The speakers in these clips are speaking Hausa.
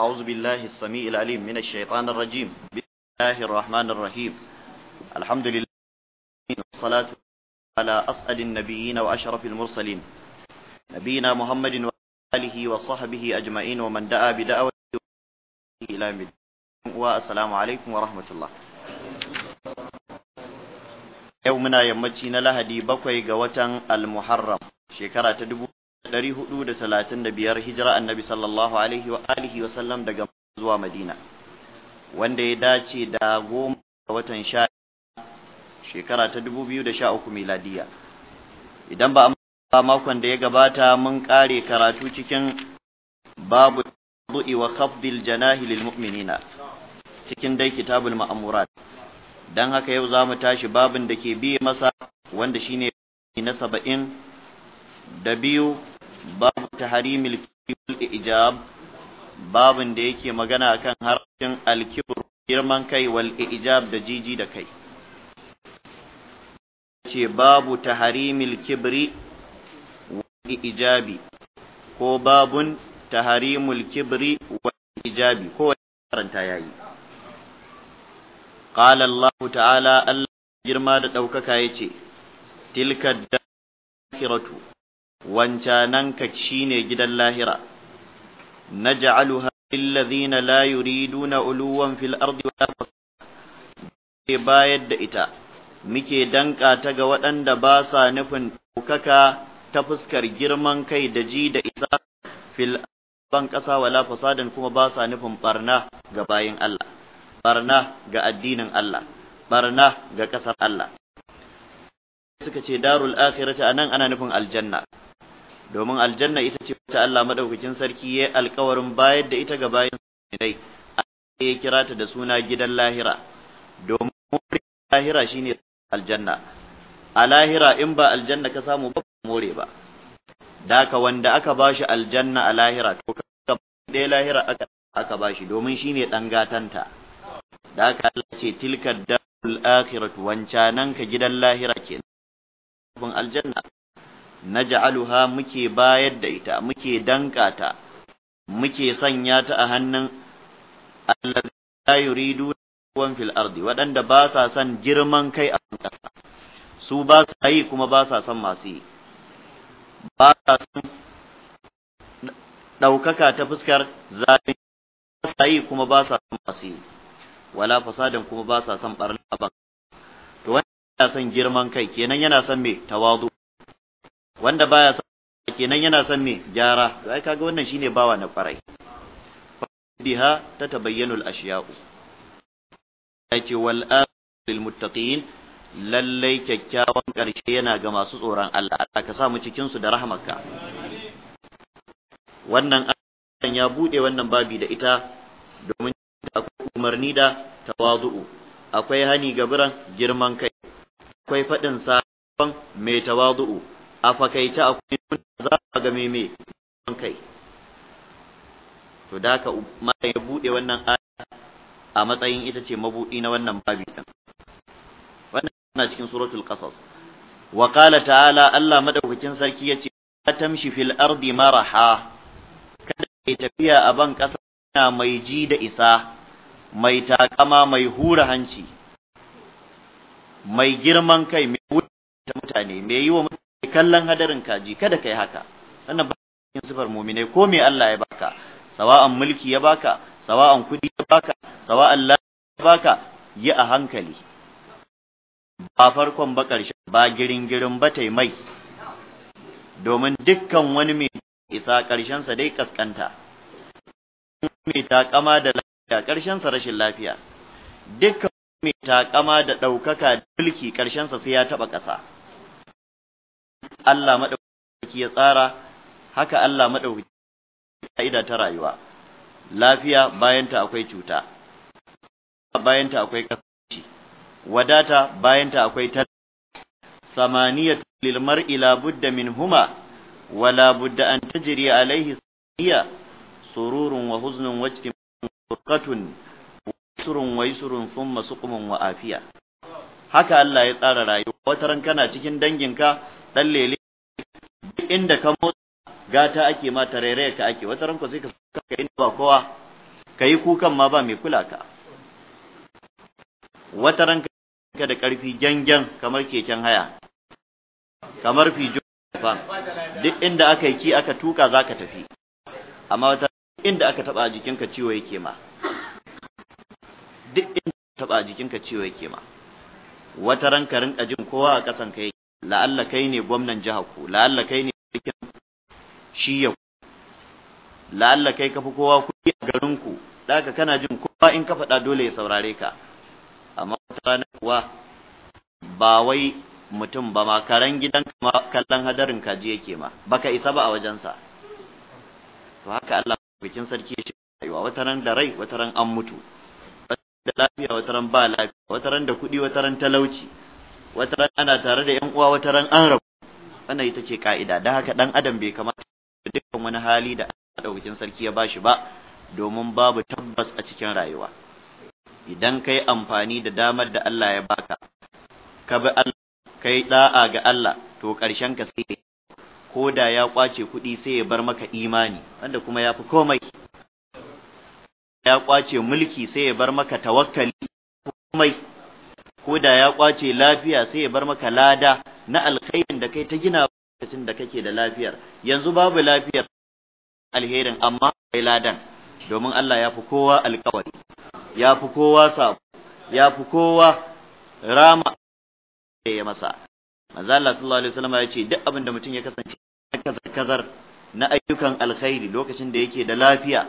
أعوذ بالله السميع العليم من الشيطان الرجيم بسم الله الرحمن الرحيم الحمد لله والصلاة على أسأل النبيين وأشرف المرسلين نبينا محمد وآله وصحبه أجمعين ومن دعا بدعوته إلى مد والسلام عليكم ورحمة الله يومنا يمتين لهدي بقوي قوة المحرم شكرا تدبو 435 hijira annabi sallallahu alaihi wa alihi wa sallam daga zuwa Madina wanda ya dace da goma ga watan sha shekara ta 2013 miladiya idan ba a makon da ya gabata mun kare karatu cikin babu du'i wa khafdil janahi lil mu'minina cikin dai kitabul ma'amurat dan haka yau zamu tashi babin da ke biye masa wanda shine na saba'in da biyu babu taharimil kibul ijab babin da yake magana akan harshen alkibur girman kai wal ijab da jiji da kai ce babu taharimil kibri wal ijabi ko babun taharimul kibri wal ijabi ko karanta yayi qala allah ta'ala allah girma da daukaka yace tilka dakhiratu wancananka shine gidan lahira naj'aluha lillazina la yuriduna uluwan fil ardi wala fasada bayar da ita muke danka ta ga waɗanda ba sa nufin ɗaukaka ta fuskar girman kai da ji da isa fil ban ƙasa wala fasadan kuma ba sa nufin barna ga bayin Allah barna ga addinin Allah barna ga ƙasar Allah suka ce darul akhirati anan ana nufin aljanna domin aljanna ita ce wata Allah madaukakin sarki ya alkawarin bayar da ita ga bayan sunai ya kira ta da suna gidan lahira domin lahira shine aljanna a lahira in ba aljanna ka samu ba more ba da wanda aka bashi aljanna a lahira to ka ɗaya lahira aka aka bashi domin shine dan gatanta da Allah ce tilka dal akhiratu wancanan ka gidan lahira kenan aljanna naj'aluha muke bayar da ita muke danka ta muke sanya ta a hannun allazi la yuridu wan fil ardi waɗanda ba sa son girman kai a ƙasa su ba sa yi kuma ba sa son masu yi ba sa son ɗaukaka ta fuskar zafi ba sa yi kuma ba sa son masu yi wala fasadan kuma ba sa son barna ba, to wanda yana son girman kai kenan yana son me tawadu wanda baya son kenan yana son me gyara to ai kaga wannan shine bawa na kwarai biha tabayyanu al-ashya'u yace wal lil muttaqin lallai kyakkyawan ƙarshe yana ga masu tsoron Allah Allah ka samu cikin su da rahmarka wannan an ya bude wannan babi da ita domin akwai umarni da tawazu'u akwai hani ga girman kai akwai faɗin sa mai tawazu'u a fakaice za a ga meme kai to da ka malam ya bude wannan aya a matsayin ita ce mabudi na wannan babi din wannan yana cikin suratul qasas wa qala ta'ala Allah madaukakin sarki yace tamshi fil ardi maraha kada kai tafiya a ban kasa na mai ji da isa mai takama mai hura hanci mai girman kai mai wuce mutane mai yi wa mutane kallon hadarin kaji kada kai haka wannan ba cikin sifar mu'mine ko me Allah ya baka sawa'an mulki ya baka sawa'an kudi ya baka sawa'an lafiya ya baka yi a hankali ba farkon ba karshe ba girin-girin ba mai. domin dukkan wani mai isa sa dai kaskanta mai takama da lafiya sa rashin lafiya dukkan mai takama da ɗaukaka da mulki sa sai ya taɓa ƙasa Allah madaukaki ya tsara haka Allah madaukaki ka'ida ta rayuwa lafiya bayanta akwai cuta bayanta akwai kasanci wadata bayanta akwai ta samaniyat lil mar'i la budda min huma wala budda an tajri alaihi samaniya sururun wa huznun wa furqatun surun wa yusrun thumma suqmun wa afiya haka Allah ya tsara rayuwa wataran kana cikin danginka dan lele duk inda ka motsa gata ake ma tarere ka ake wata ranko sai ka ka inda ba kowa kai kukan ma ba mai kula ka wata ranka da karfi janjan kamar keken haya kamar fijo fa duk inda aka yi ki aka tuka zaka tafi amma wata inda aka taba jikinka ciwo yake ma duk inda aka a jikinka ciwo yake ma wata ranka rinka jin kowa a kasan ka yake la'alla kai ne gwamnan jihar ku la'alla kai ne cikin shi ya ku la'alla kai kafi kowa kuɗi a garin ku ka kana jin kowa in ka faɗa dole ya saurare ka amma wata rana kuwa ba wai mutum ba ma karan gidan kallon hadarin kaji yake ma baka isa ba a wajensa to haka Allah bikin sarki ya shiga rayuwa wata ran da rai wata ran an mutu wata da lafiya wata ran ba lafiya wata ran da kuɗi wata ran talauci wata ran ana tare da yan uwa wata ran an rabu wannan ita ce ka'ida don haka dan adam bai kamata dukkan wani hali da daukakin sarki ya bashi ba domin babu tabbas a cikin rayuwa idan kai amfani da damar da Allah ya baka ka bi Allah kai da'a ga Allah to ƙarshen ka sai ko da ya kwace kuɗi sai ya bar maka imani wanda kuma ya fi komai ya kwace mulki sai ya bar maka tawakkali komai ko da ya kwace lafiya sai ya bar maka lada na alkhairin da kai ta gina lokacin da kake da lafiyar yanzu babu lafiyar alherin amma akwai ladan domin Allah ya fi kowa alkawari ya fi kowa sabo ya fi kowa rama da ya masa manzo Allah sallallahu alaihi wasallam ya ce duk abin da mutum ya kasance kazar na ayyukan alkhairi lokacin da yake da lafiya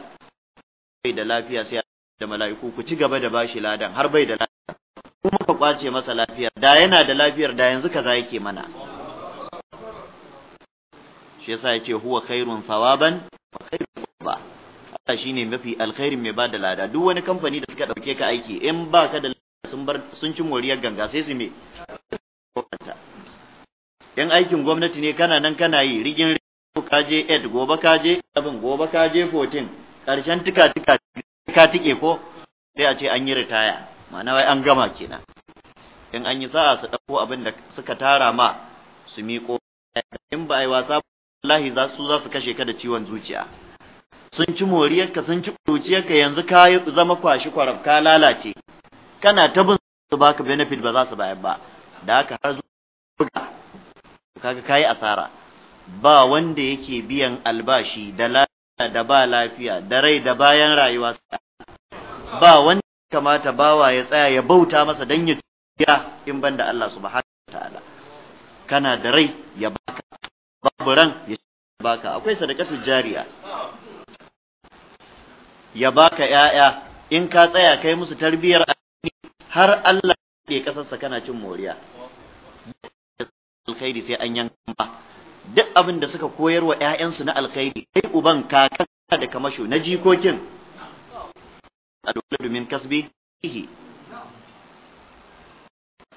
bai da lafiya sai da mala'iku ku ci gaba da bashi ladan har bai da ka kwace masa lafiyar da yana da lafiyar da yanzu kaza yake mana shi yasa yace huwa khairun sawaban wa khairun ba Allah shine mafi alkhairin mai bada lada duk wani kamfani da suka dauke ka aiki in baka da sun bar sun ci moriyar ganga sai su me Yan aikin gwamnati ne kana nan kana yi rigin ka je ed gobe ka je abin gobe ka je 14 karshen tika tika ka tike ko sai a ce an yi ritaya ma'ana wai an gama kenan in an yi sa'a su dauko abin da suka tara ma su miƙo in ba a yi wasa wallahi za su za su kashe ka da ciwon zuciya sun ci moriyarka sun ci ka yanzu ka zama kwashi kwarab ka lalace kana ta bin su baka benefit ba za su bayar ba da haka har zuwa kaga kayi asara ba wanda yake biyan albashi da lafiya da ba lafiya da rai da bayan rayuwa ba wanda kamata bawa ya tsaya ya bauta masa dan ya tuya in banda Allah subhanahu ta'ala kana da rai ya baka babu ran ya baka akwai su jariya ya baka yaya in ka tsaya kai musu tarbiyar har Allah ya kasarsa kana cin moriya alkhairi sai an yanka ba duk abin da suka koyar wa 'ya'yansu na alkhairi kai uban kakan da kamasho na jikokin الولد من كسبه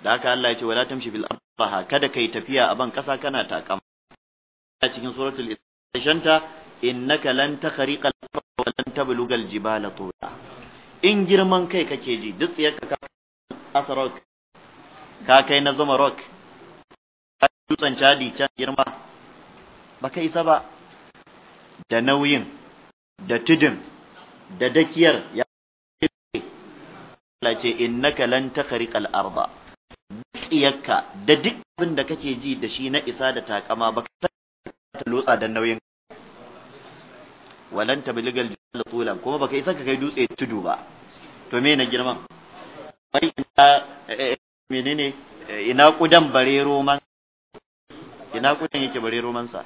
da haka Allah ya ce wala tamshi bil arbaha kada kai tafiya a ban kasa kana takam a cikin suratul isra innaka lan takhriqa wa lan tabluga al-jibala tula in girman kai kake ji duk ka kasa rock ka kai na zama rock ka dutsen cadi can girma baka isa ba da nauyin da tudin da dakiyar ya Allah ce innaka lan takhriqal arda tsiyakka da duk abin da kake ji da shi na isa da takama ba ka ta lotsa da nauyin walan tabligal jibal tulan kuma baka isa ka kai dutse tudu ba to me na girman bai ina eh, eh, menene eh, ina kudan bare roman ina kudan yake bare roman sa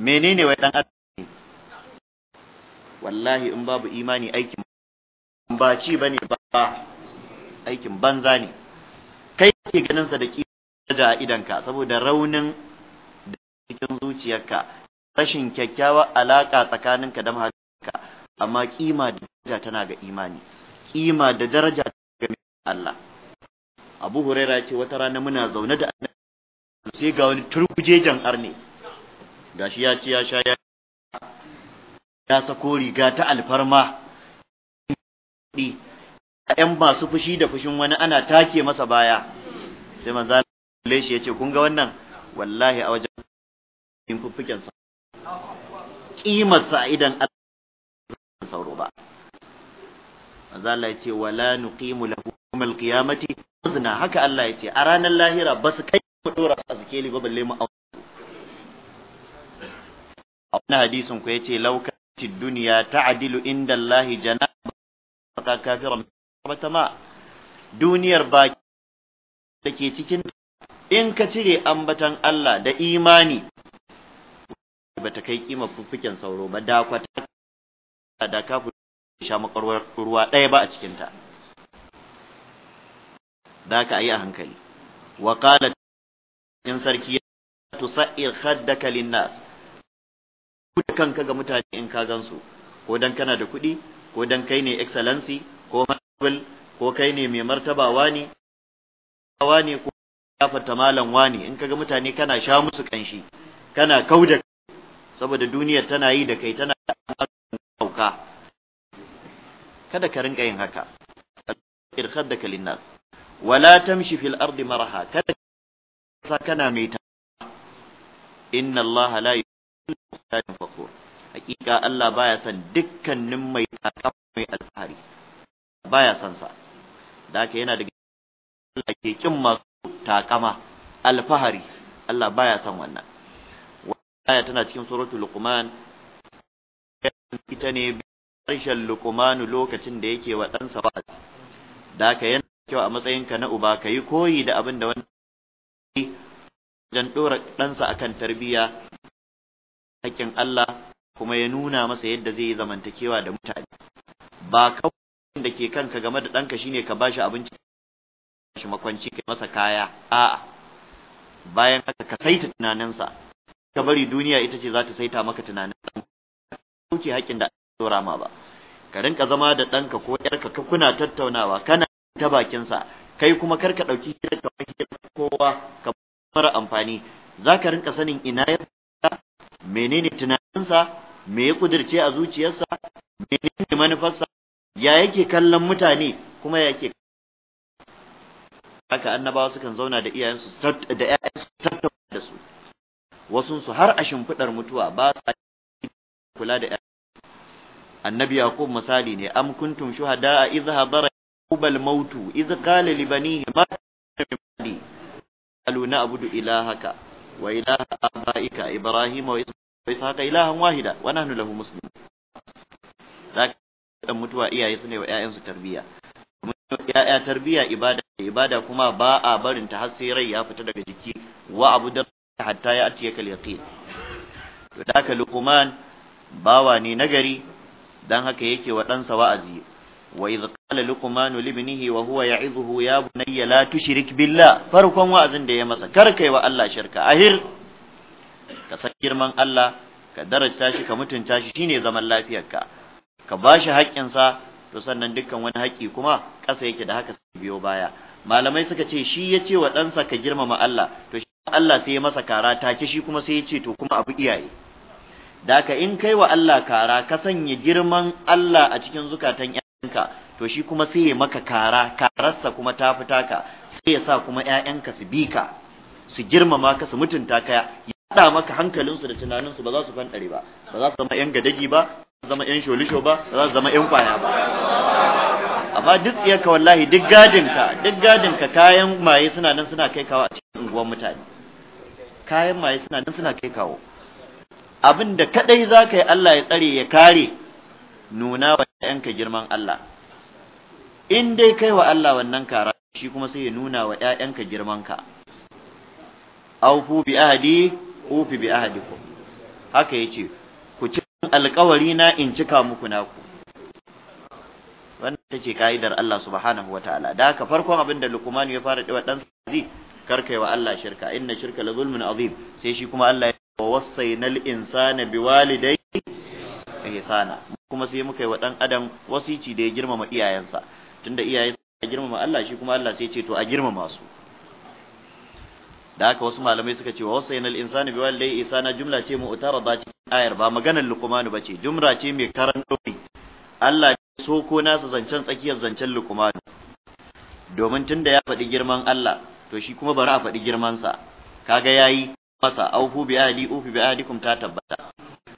menene wai dan adam wallahi in babu imani aikin ba ci bane ba aikin banza ne kai ke ganin sa da daraja a idanka saboda raunin da cikin zuciyarka rashin kyakkyawa alaka tsakaninka da mahaifinka amma kima da daraja tana ga imani kima da daraja ga Allah Abu Huraira ce wata rana muna zaune da Annabi sai ga wani jan arne gashi ya ci ya sha ya ya sako riga ta alfarma 'yan masu fushi da fushin wani ana take masa baya sai manzo Allah shi yace kun ga wannan wallahi a wajen in fuffuken sa kimar sa idan Allah sauro ba manzo Allah yace wala nuqimu lahu yawmal qiyamati wazna haka Allah yace a ranar lahira ba su kai mu dora su azkeli ba balle mu a wannan hadisin ku yace law kanatid dunya ta'dilu inda Allah janaha kafiran wata ma duniyar baki da ke cikin in ka cire ambatan Allah da imani ba ta kai kima fuffuken sauro ba da kwata da fi sha makarwar ruwa ɗaya ba a cikinta da ka yi a hankali wa qala in sarki tusair khaddaka linnas da kanka ga mutane in ka gansu ko dan kana da kuɗi ko dan kai ne excellency ko ko kai ne mai martaba wani wani ko gafarta malan wani in kaga mutane kana sha musu kanshi kana kauda saboda duniyar tana yi da kai tana dauka kada ka rinka yin haka irkhaddaka linnas wala tamshi fil ardi maraha kada sa kana mai ta inna Allah la yuhibbu al-fakhur hakika Allah baya son dukkanin mai takawa mai alfahari baya son sa da ke yana daga Allah ke kin masu takama alfahari Allah baya son wannan aya tana cikin suratul luqman ita ne harshen luqman lokacin da yake wa ɗansa wa'azi da ka yana kyau a matsayinka na uba ka yi koyi da abin da wani wajen ɗora ɗansa akan tarbiyya hakkin Allah kuma ya nuna masa yadda zai yi zamantakewa da mutane ba kawai da ke kanka game da ɗanka shine ka ba shi abinci shi makwanci kai masa kaya a'a bayan haka ka saita tunaninsa ka bari duniya ita ce za ta saita maka tunanin ɗanka haƙƙin da aka ma ba ka rinka zama da ɗanka ko ƴarka ka kuna tattaunawa kana ta bakinsa kai kuma kar ka ɗauki hira ka kowa ka mara amfani za ka rinka sanin ina ya menene tunaninsa me ya kudirce a zuciyarsa menene manufarsa ya yake kallon mutane kuma ya yake haka annabawa sukan zauna da iyayensu da ƴaƴansu tattauna da su wasu su har a shimfidar mutuwa ba sa kula da annabi yaqub misali ne am kuntum shuhada idh hadara yaqubal mautu idh qala li banihi ma mali qalu na'budu ilahaka wa ilaha abaika ibrahima wa ishaqa ilahan wahida wa nahnu lahu muslimun dan mutuwa iyaye su ne wa ƴaƴansu tarbiyya ƴaƴa tarbiyya ibada ibada kuma ba a barin ta har sai rai ya fita daga jiki wa abu da hatta ya atiya kal yaqin to da ka luqman bawa ne nagari dan haka yake wa ɗansa wa'azi wa idh qala luqman li ibnihi wa huwa ya'izuhu ya bunayya la tushrik billah farkon wa'azin da ya masa kar kai wa Allah shirka ahir ka san girman Allah ka daraja shi ka mutunta shi shine zaman lafiyarka ka ba shi haƙƙinsa to sannan dukkan wani haƙƙi kuma ƙasa yake da haka sai biyo baya malamai suka ce shi ya ce wa ɗansa ka girmama Allah to shi Allah sai ya masa kara take shi kuma sai ya ce to kuma abu iyaye da ka in kai wa Allah kara ka sanya girman Allah a cikin zukatan ƴaƴanka to shi kuma sai ya maka kara kararsa kuma ta fita ka sai ya sa kuma ƴaƴanka su bi ka su girmama ka su mutunta ka ya maka hankalinsu da tunaninsu ba za su fanɗare ba ba za su zama ƴan gadagi ba zama yan sholisho ba za su zama yan kwaya ba amma duk jiya-ka wallahi duk gadinka duk gadinka kayan maye suna nan suna kai kawo a cikin unguwar mutane kayan maye suna nan suna kai kawo abin da kadai za ka yi Allah ya tsare ya kare nuna wa ‘ya'yanka girman Allah in dai kai wa Allah wannan kara shi kuma sai ya nuna wa ‘ya'yanka girmanka aufu bi ahadi ufi bi ahadikum haka yace ku ci alƙawari na in cika muku naku wannan ita ce ka'idar Allah subhanahu wa ta'ala da haka farkon abin da lukumanu ya fara ɗewa ɗan zai karka yi wa Allah shirka inna shirka la zulmun azim sai shi kuma Allah ya wa wasainal insana biwalidayhi ihsana kuma sai muka yi wa ɗan adam wasici da ya girmama iyayensa tunda iyaye ya girmama Allah shi kuma Allah sai ce to a girmama su da haka wasu malamai suka ce wa wasainal insana biwalidayhi ihsana jumla ce mu'tarada ce ayar ba maganar lukumanu ba ce jumra ce mai karan ɗori Allah ya so ko nasa zancen tsakiyar zancen lukumanu domin tun da ya faɗi girman Allah to shi kuma bari a faɗi girmansa kaga ya yi masa aufu bi adi, ufi bi ahdikum ta tabbata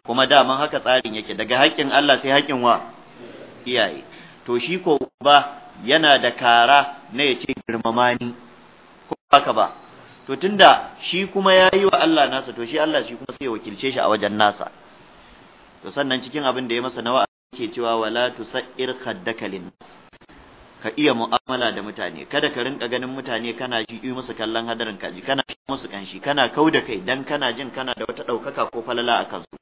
kuma daman haka tsarin yake daga haƙƙin Allah sai haƙƙin wa iyaye to shi ko ba yana da kara na yace ce girmama ni ko haka ba to tunda shi kuma ya yi wa Allah nasa to shi Allah shi kuma sai ya wakilce shi a wajen nasa to sannan cikin abin da ya masa nawa ke cewa wala tusair khaddaka ka iya mu'amala da mutane kada ka rinka ganin mutane kana shi yi musu kallon hadarin kaji kana shi musu kanshi kana kau da kai dan kana jin kana da wata daukaka ko falala a kansu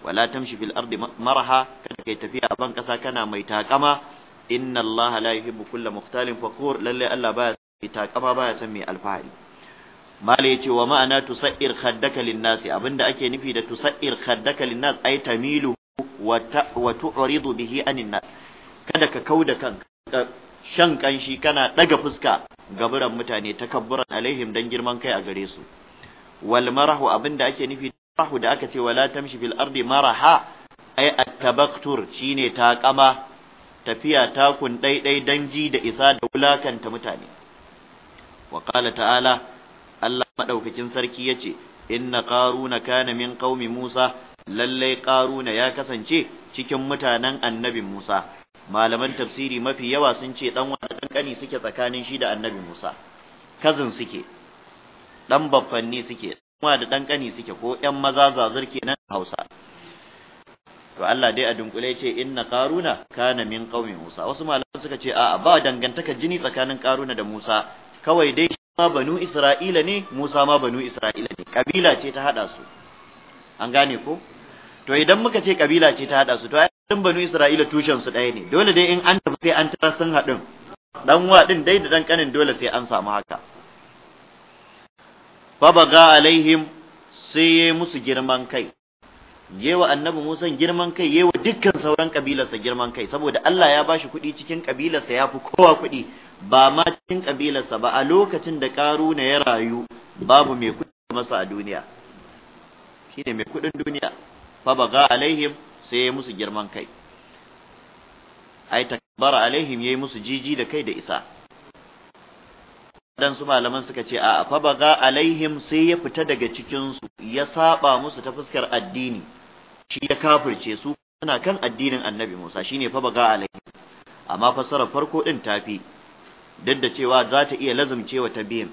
wala tamshi fil ardi maraha kada kai tafiya a ban kasa kana mai takama inna allaha la yuhibbu kulla mukhtalin fakur lalle Allah baya mai takama baya son mai alfahari ya yace wa ma'ana tusair khaddaka linnas abinda ake nufi da tusair khaddaka linnas ay tamilu wa tu'ridu bihi anin nas kada ka kauda kanka shan kanshi kana daga fuska gaburan mutane takabburan alaihim dan girman kai a gare su wal marahu abinda ake nufi marahu da aka ce wala tamshi fil ardi maraha ay at-tabaktur shine taqama tafiya takun daidai danji da isa da wulakanta mutane wa qala ta'ala madaukakin sarki yace inna qaruna kana min qaumi Musa lallai qaruna ya kasance cikin mutanen annabi Musa malaman tafsiri mafi yawa sun ce dan wa dan kani suke tsakanin shi da annabi Musa kazin suke dan baffanni suke kuma da dan kani suke ko ƴan maza zazur kenan Hausa to Allah dai a dunkule ce inna qaruna kana min qaumi Musa wasu malaman suka ce a'a ba dangantaka jini tsakanin qaruna da Musa kawai dai ma banu Isra'ila ne Musa ma banu Isra'ila ne kabila ce ta hada su an gane ko to idan muka ce kabila ce ta hada su to ai banu Isra'ila tushen su ɗaya ne dole dai in an tafi sai an tara sun haɗin dan wa din dai da dan kanin dole sai an samu haka Babaga ga alaihim sai musu girman kai yewa annabi Musa girman kai yewa dukkan sauran kabilarsa girman kai saboda Allah ya bashi kuɗi cikin kabilarsa ya fi kowa kuɗi ba ma cikin kabilarsa ba a lokacin da Karuna ya rayu babu mai kuɗi masa a duniya shine mai kuɗin duniya fa baga alaihim sai ya musu girman kai ai takbara alaihim yayi musu jiji da kai da isa dan su malaman suka ce a fa baga alaihim sai ya fita daga cikin su ya saba musu ta fuskar addini shi ya kafirce su suna kan addinin annabi Musa shine fa baga alaihi amma fasarar farko din tafi duk da cewa za ta iya lazumcewa ta biyan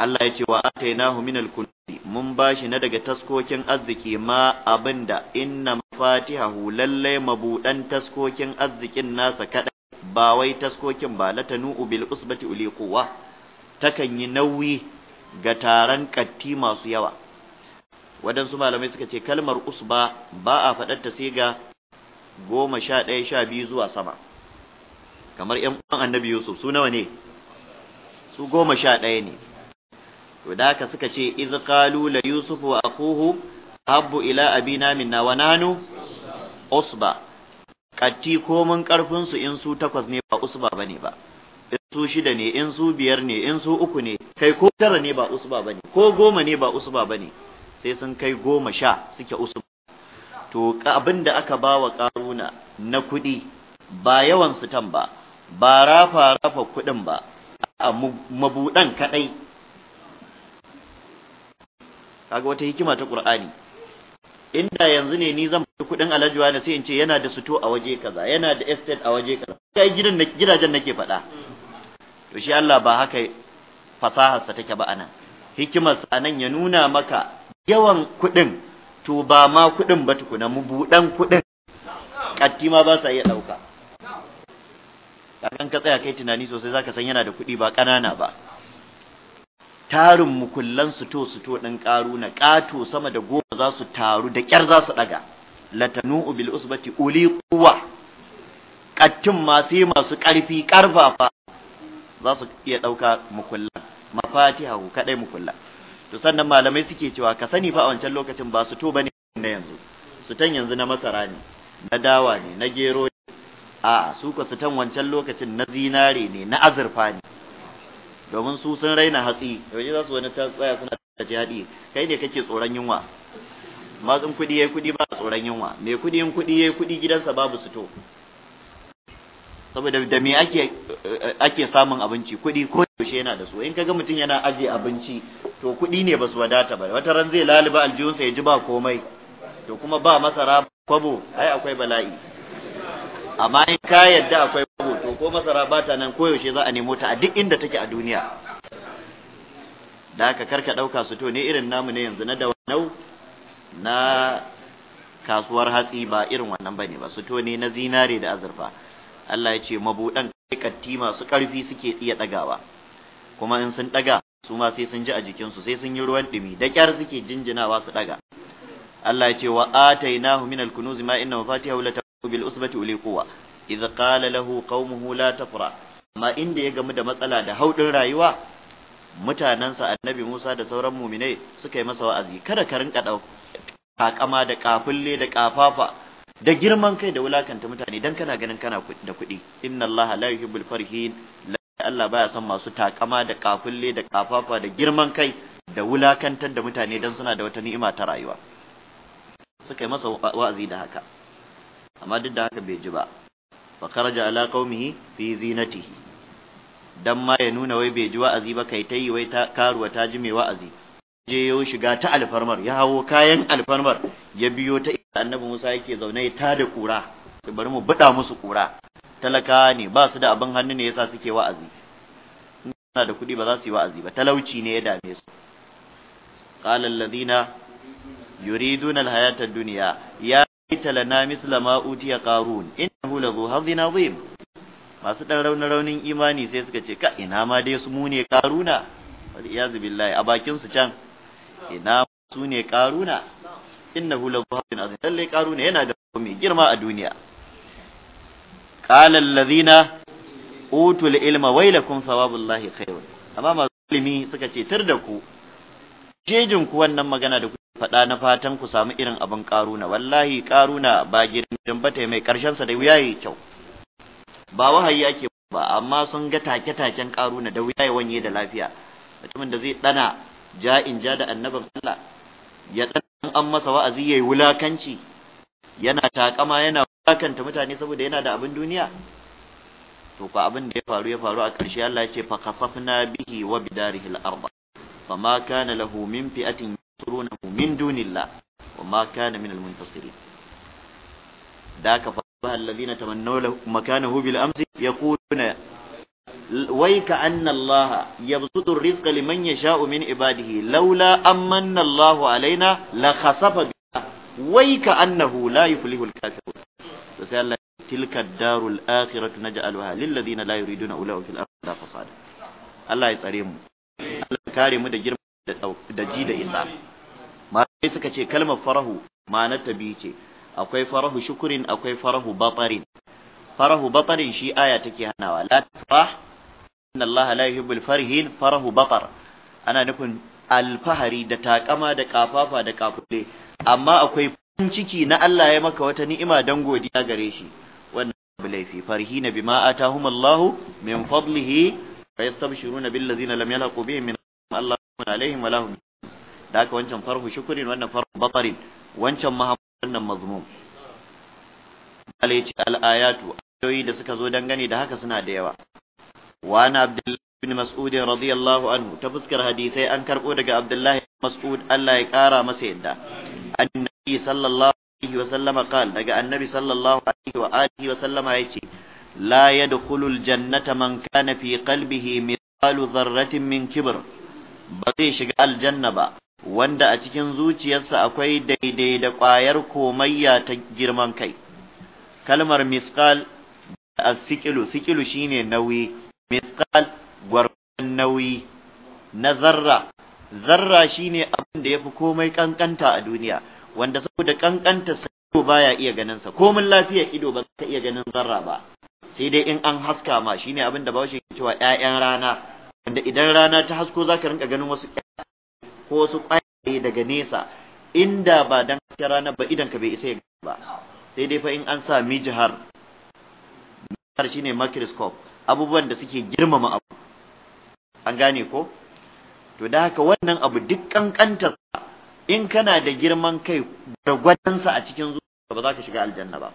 Allah ya ce wa atainahu min al-kunzi mun bashi na daga taskokin arziki ma abinda inna mafatihahu lalle mabuɗan taskokin arzikin nasa kada ba wai taskokin ba latanu bil usbati uli kowa takan yi nauyi ga taron katti masu yawa waɗansu malamai suka ce kalmar usba ba a ta sai ga goma sha ɗaya sha biyu zuwa sama kamar ƴan uwan annabi Yusuf su nawa ne su goma sha ɗaya ne to da haka suka ce iz qalu la yusuf wa akuhu habbu ila abina minna wa nanu usba katti komun karfin su in su takwas ne ba usba bane ba in su shida ne in su biyar ne in su uku ne kai ko tara ne ba usba bane ko goma ne ba usba bane sai sun kai goma sha suke usu to abin da aka ba wa ƙaruna na kuɗi ba yawan sitan ba ba rafa rafa kuɗin ba a mabuɗan kaɗai kaga wata hikima ta ƙur'ani inda yanzu ne ni zan fi kuɗin alajuwa na sai in ce yana da suto a waje kaza yana da estate a waje kaza kai gidan gidajen nake faɗa to shi Allah ba haka fasahar sa take ba anan hikimarsa anan ya nuna maka yawan kuɗin to ba ma kuɗin ba tukuna buɗan kuɗin ƙatti ma ba sa iya ɗauka kakan ka tsaya kai tunani sosai zaka san yana da kuɗi ba ƙanana ba tarin mukullan suto suto ɗin ƙaru na ƙato sama da goma za su taru da ƙyar za su ɗaga latanu bil usbati uli kuwa ƙattin ma sai masu ƙarfi ƙarfafa za su iya ɗauka mukullan ku kaɗai mukullan to sannan malamai suke cewa ka sani fa a wancan lokacin ba su to bane na yanzu sutan yanzu na masara ne na dawa ne na gero ne a su ka sutan wancan lokacin na zinare ne na azurfa ne domin su sun raina hatsi waje za su wani ta tsaya suna da jihadi kai ne kake tsoron yunwa matsin kuɗi yayi kuɗi ba tsoron yunwa mai kuɗi in kuɗi yayi kuɗi gidansa babu suto saboda da me ake ake samun abinci kuɗi ko yaushe yana da su in kaga mutum yana aje abinci to kuɗi ne ba su wadata ba wata ran zai laliba aljihunsa ya ji ba komai to kuma ba masara kwabo ai akwai bala'i amma in ka yadda akwai kwabo to ko masara ba ta nan koyaushe za a nemo ta a duk inda take a duniya da haka karka ɗauka su to ne irin namu ne yanzu na da wannan na kasuwar hatsi ba irin wannan bane ba su to ne na zinare da azurfa Allah ya ce mabuɗan katti masu ƙarfi suke iya ɗagawa kuma in sun ɗaga su ma sai sun ji a jikinsu sai sun yi ruwan ɗumi da ƙyar suke jinjinawa su ɗaga Allah ya ce wa atainahu min al-kunuz ma inna mafatihahu taqbu bil usbati uli quwwa idh qala lahu qaumuhu la tafra amma inda ya gamu da matsala da hauɗin rayuwa mutanensa annabi Musa da sauran muminai suka yi masa wa'azi kada ka rinka ɗau kakama da kafulle da kafafa da girman kai da wulakanta mutane dan kana ganin kana da kuɗi inna allaha la yuhibbul farihin Allah baya son masu takama da kafulle da kafafa da girman kai da wulakantar da mutane dan suna da wata ni'ima ta rayuwa suka yi masa wa'azi da haka amma duk da haka bai ji ba fa kharaja ala qaumihi fi zinatihi dan ma ya nuna wai bai ji wa'azi ba kai tayi wai ta karuwa ta ji mai wa'azi je yau shiga ta alfarmar ya hawo kayan alfarmar ya biyo ta annabi Musa yake zaune ya tada kura sai bari mu buɗa musu kura talaka ne ba su da abin hannu ne yasa suke wa'azi suna da kuɗi ba za su yi wa'azi ba talauci ne ya dame su qala alladhina yuriduna alhayata ad-dunya ya talana misla ma utiya qarun innahu lahu hadhin azim masu dan rauni raunin imani sai suka ce ka ina ma dai su mu ne karuna wal billahi a bakin su can ina su ne karuna innahu la dhahabun azim lalle ne yana da mai girma a duniya qala alladhina utul ilma wailakum thawabullahi khairun amma masu ilimi suka ce tar da ku jejin ku wannan magana da ku faɗa na fatan ku samu irin abin karuna wallahi karuna ba girin ba ta mai karshen sa da wuya yayi kyau ba wahayi ake ba amma sun ga take-taken karuna da wuya wanye da lafiya mutumin da zai dana ja'in ja da annabin Allah ya dan in an masa wa'azi yayi wulakanci yana takama yana wulakanta mutane saboda yana da abin duniya to ko abin da ya faru ya faru a ƙarshe Allah ya ce fa kasafna bihi wa bidarihil arba, ardh fama kana lahu min fi'atin yansurunahu min dunillah wa ma kana min al-muntasirin da ka fa alladhina tamannaw lahu makanahu bil amsi yaquluna wai ka anna Allah yabsutu rizqa liman ya yasha'u min ibadihi laula amanna Allahu alaina la khasafa bina wai ka annahu la yuflihu al-kafirun to sai Allah tilka darul akhiratu naj'aluha lil ladina la yuriduna ulaw fil ardi fasada Allah ya tsare mu Allah ya kare mu da girma da ji da isa malamai suka ce kalmar farahu ma'anar ta bi ce akwai farahu shukurin akwai farahu batarin farahu batarin shi aya take hanawa la tafah inna allaha la yuhibbul farihin farahu batar ana nufin alfahari da takama da kafafa da kafule amma akwai farin ciki na Allah ya maka wata ni'ima dan godiya gare shi wannan babu laifi farihina bima atahum Allah min fadlihi fa yastabshiruna bil ladzina lam bihim min Allah alaihim wa lahum da haka wancan farhu shukrin wannan farhu batarin wancan mahamman mazmum alaihi al ayatu ayoyi da suka zo dangane da haka suna da yawa وانا عبد الله بن مسعود رضي الله عنه تفسكر حديثي ان كربو دقى عبد الله بن مسعود ألا يكارى مسيدا النبي صلى الله عليه وسلم قال دقى النبي صلى الله عليه واله وسلم يتي لا يدخل الجنة من كان في قلبه مثقال ذرة من كبر بزي شقى الجنة wanda a cikin zuciyarsa akwai daidai da ƙwayar komayya ta girman kai kalmar misqal da sikilu sikilu shine nauyi misal gwargwadon nauyi na zarra zarra shine abin da yafi komai kankanta a duniya wanda saboda kankanta sa ido baya iya ganin sa komin lafiya ido ba ta iya ganin zarra ba sai dai in an haska ma shine abin da shi ke cewa ƴaƴan rana wanda idan rana ta hasko zaka rinka ganin wasu ko wasu ƙwayaye daga nesa inda ba dan rana ba idan ka bai isa ya ba sai dai fa in an sa mijhar mijhar shine microscope abubuwan da suke girmama abu an gane ko to da haka wannan abu duk kankantar in kana da girman kai gwargwadonsa a cikin zuciya ba za ka shiga aljanna ba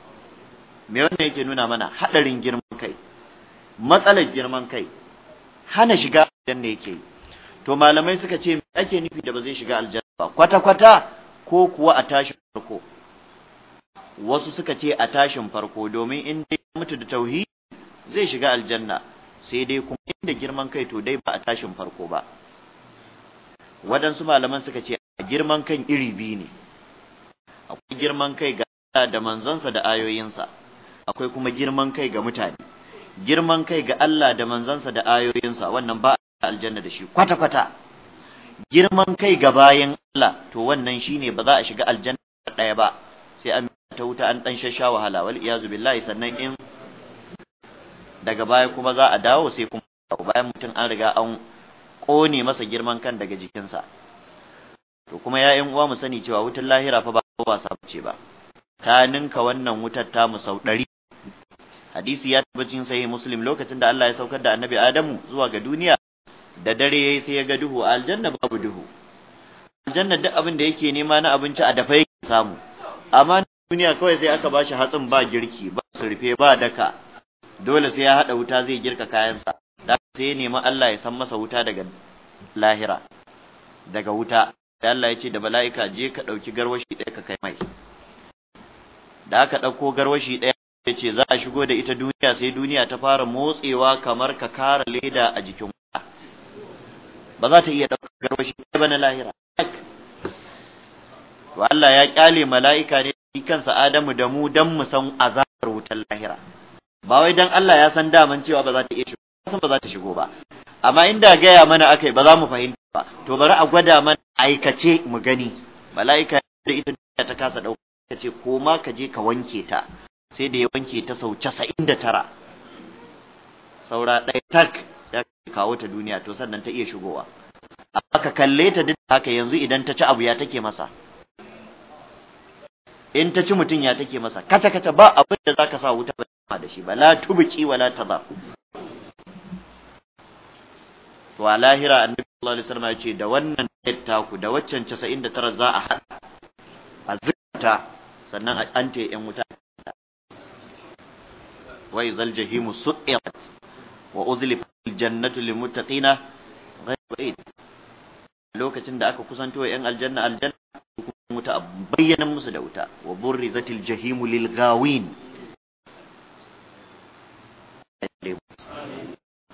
me wannan yake nuna mana hadarin girman kai matsalar girman kai hana shiga aljanna yake yi to malamai suka ce me ake nufi da ba zai shiga aljanna ba kwata kwata ko kuwa a tashin farko wasu suka ce a tashin farko domin in dai mutu da tauhidi zai shiga aljanna sai dai kuma inda girman kai to dai ba a tashin farko ba waɗansu malaman suka ce a girman kan iri biyu ne akwai girman kai ga Allah da manzansa da ayoyinsa akwai kuma girman kai ga mutane girman kai ga Allah da manzansa da ayoyinsa wannan ba aljanna da shi kwata kwata girman kai ga bayan Allah to wannan shine ba za a shiga aljanna ɗaya ba sai an ta wuta an dan shasha wahala wal iyazu billahi sannan in daga baya kuma za a dawo sai kuma bayan mutum an riga an ƙone masa girman kan daga jikinsa to kuma ya yan uwa mu sani cewa wutar lahira fa ba sa ce ba ta ninka wannan wutar ta mu sau ɗari hadisi ya tabbacin sahih muslim lokacin da Allah ya saukar da annabi adamu zuwa ga duniya da dare yayi sai ya ga duhu a aljanna babu duhu aljanna duk abin da yake nema na abinci a dafa yake samu amma duniya kawai sai aka ba shi hatsin ba girki ba surfe ba daka dole sai ya haɗa wuta zai girka kayansa da sai ya nemi Allah ya san masa wuta daga lahira daga wuta da Allah ya ce da mala'ika je ka ɗauki garwashi ɗaya ka kai mai da aka ɗauko garwashi ɗaya ya ce za a shigo da ita duniya sai duniya ta fara motsewa kamar ka kara leda a jikin wuta ba za ta iya ɗaukar garwashi ɗaya ba na lahira Wa Allah ya kyale mala'ika ne kansa Adamu da mu dan mu san azabar wutar lahira ba wai dan Allah ya san daman cewa ba za ta iya shigo san ba za ta shigo ba amma inda gaya mana akai ba za mu fahimta ba to bari a gwada mana aikace mu gani mala'ika da ita ta kasa dauka ta ce ko ma ka je ka wanke ta sai da ya wanke ta sau 99 saura ɗaya tak ya kawo ta duniya to sannan ta iya shigowa amma ka kalle ta duk haka yanzu idan ta ci abu ya take masa in ta ci mutum ya take masa kace-kace ba abin da zaka sa wuta ba da shi ba la tubqi wa la tadar to a lahira annabi sallallahu alaihi wasallam ya ce da wannan ta da waccan 99 za a hada a zikta sannan a ante yan wuta wa izal jahimu su'irat wa uzlifatil jannatu lil muttaqina ghayr ba'id lokacin da aka kusanto yan aljanna aljanna wuta bayyana musu da wuta wa burrizatil jahimu lil gawin